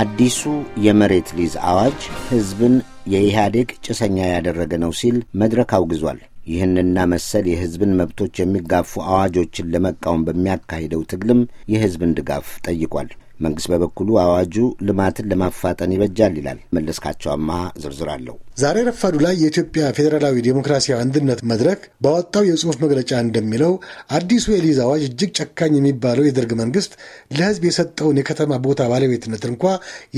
አዲሱ የመሬት ሊዝ አዋጅ ህዝብን የኢህአዴግ ጭሰኛ ያደረገ ነው ሲል መድረክ አውግዟል። ይህንና መሰል የህዝብን መብቶች የሚጋፉ አዋጆችን ለመቃወም በሚያካሂደው ትግልም የህዝብን ድጋፍ ጠይቋል። መንግስት በበኩሉ አዋጁ ልማትን ለማፋጠን ይበጃል ይላል። መለስካቸዋማ ዝርዝር አለው። ዛሬ ረፋዱ ላይ የኢትዮጵያ ፌዴራላዊ ዴሞክራሲያዊ አንድነት መድረክ ባወጣው የጽሑፍ መግለጫ እንደሚለው አዲሱ የሊዝ አዋጅ እጅግ ጨካኝ የሚባለው የደርግ መንግስት ለህዝብ የሰጠውን የከተማ ቦታ ባለቤትነት እንኳ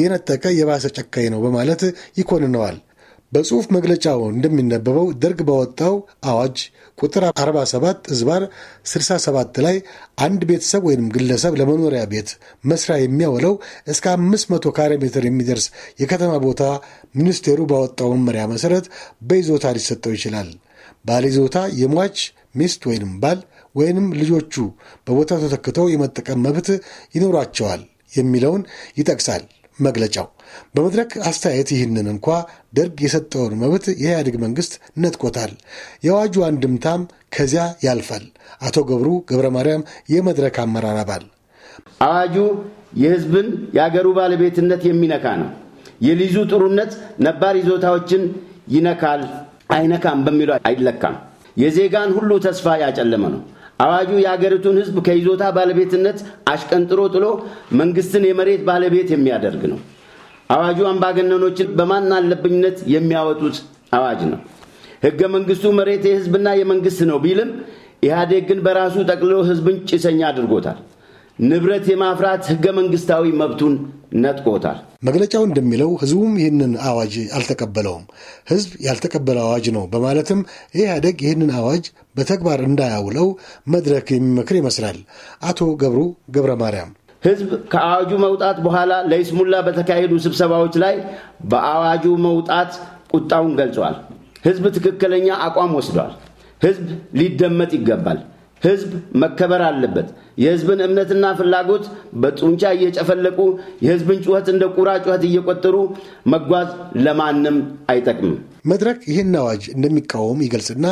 የነጠቀ የባሰ ጨካኝ ነው በማለት ይኮንነዋል። በጽሑፍ መግለጫው እንደሚነበበው ደርግ በወጣው አዋጅ ቁጥር 47 ዝባር 67 ላይ አንድ ቤተሰብ ወይም ግለሰብ ለመኖሪያ ቤት መስሪያ የሚያውለው እስከ 500 ካሬ ሜትር የሚደርስ የከተማ ቦታ ሚኒስቴሩ ባወጣው መመሪያ መሰረት በይዞታ ሊሰጠው ይችላል። ባለይዞታ የሟች ሚስት ወይንም ባል ወይንም ልጆቹ በቦታው ተተክተው የመጠቀም መብት ይኖራቸዋል የሚለውን ይጠቅሳል። መግለጫው። በመድረክ አስተያየት ይህንን እንኳ ደርግ የሰጠውን መብት የኢህአዴግ መንግስት ነጥቆታል፣ የአዋጁ አንድምታም ከዚያ ያልፋል። አቶ ገብሩ ገብረ ማርያም የመድረክ አመራር አባል፣ አዋጁ የህዝብን የአገሩ ባለቤትነት የሚነካ ነው፣ የሊዙ ጥሩነት ነባር ይዞታዎችን ይነካል አይነካም በሚሉ አይለካም፣ የዜጋን ሁሉ ተስፋ ያጨለመ ነው አዋጁ የአገሪቱን ህዝብ ከይዞታ ባለቤትነት አሽቀንጥሮ ጥሎ መንግስትን የመሬት ባለቤት የሚያደርግ ነው። አዋጁ አምባገነኖችን በማናለብኝነት የሚያወጡት አዋጅ ነው። ህገ መንግስቱ መሬት የህዝብና የመንግስት ነው ቢልም ኢህአዴግ ግን በራሱ ጠቅልሎ ህዝብን ጭሰኛ አድርጎታል። ንብረት የማፍራት ህገ መንግስታዊ መብቱን ነጥቆታል። መግለጫው እንደሚለው ህዝቡም ይህንን አዋጅ አልተቀበለውም። ህዝብ ያልተቀበለ አዋጅ ነው በማለትም ኢህአደግ ይህንን አዋጅ በተግባር እንዳያውለው መድረክ የሚመክር ይመስላል። አቶ ገብሩ ገብረ ማርያም ህዝብ ከአዋጁ መውጣት በኋላ ለይስሙላ በተካሄዱ ስብሰባዎች ላይ በአዋጁ መውጣት ቁጣውን ገልጿል። ህዝብ ትክክለኛ አቋም ወስዷል። ህዝብ ሊደመጥ ይገባል። ህዝብ መከበር አለበት። የህዝብን እምነትና ፍላጎት በጡንቻ እየጨፈለቁ የህዝብን ጩኸት እንደ ቁራ ጩኸት እየቆጠሩ መጓዝ ለማንም አይጠቅምም። መድረክ ይህን አዋጅ እንደሚቃወም ይገልጽና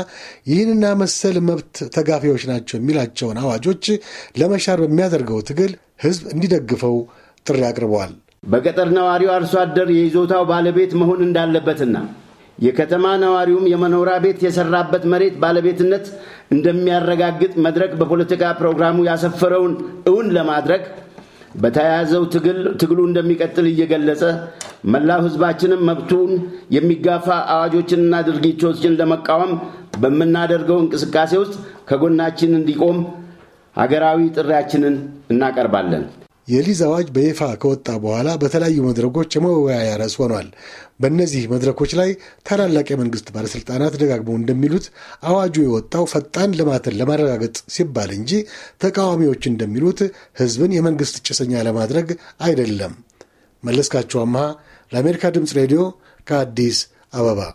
ይህንና መሰል መብት ተጋፊዎች ናቸው የሚላቸውን አዋጆች ለመሻር በሚያደርገው ትግል ህዝብ እንዲደግፈው ጥሪ አቅርበዋል። በገጠር ነዋሪው አርሶ አደር የይዞታው ባለቤት መሆን እንዳለበትና የከተማ ነዋሪውም የመኖሪያ ቤት የሰራበት መሬት ባለቤትነት እንደሚያረጋግጥ መድረክ በፖለቲካ ፕሮግራሙ ያሰፈረውን እውን ለማድረግ በተያያዘው ትግሉ እንደሚቀጥል እየገለጸ መላው ህዝባችንም መብቱን የሚጋፋ አዋጆችንና ድርጊቶችን ለመቃወም በምናደርገው እንቅስቃሴ ውስጥ ከጎናችን እንዲቆም ሀገራዊ ጥሪያችንን እናቀርባለን። የሊዝ አዋጅ በይፋ ከወጣ በኋላ በተለያዩ መድረኮች የመወያያ ርዕስ ሆኗል። በእነዚህ መድረኮች ላይ ታላላቅ የመንግስት ባለስልጣናት ደጋግመው እንደሚሉት አዋጁ የወጣው ፈጣን ልማትን ለማረጋገጥ ሲባል እንጂ ተቃዋሚዎች እንደሚሉት ህዝብን የመንግስት ጭሰኛ ለማድረግ አይደለም። መለስካቸው አምሃ ለአሜሪካ ድምፅ ሬዲዮ ከአዲስ አበባ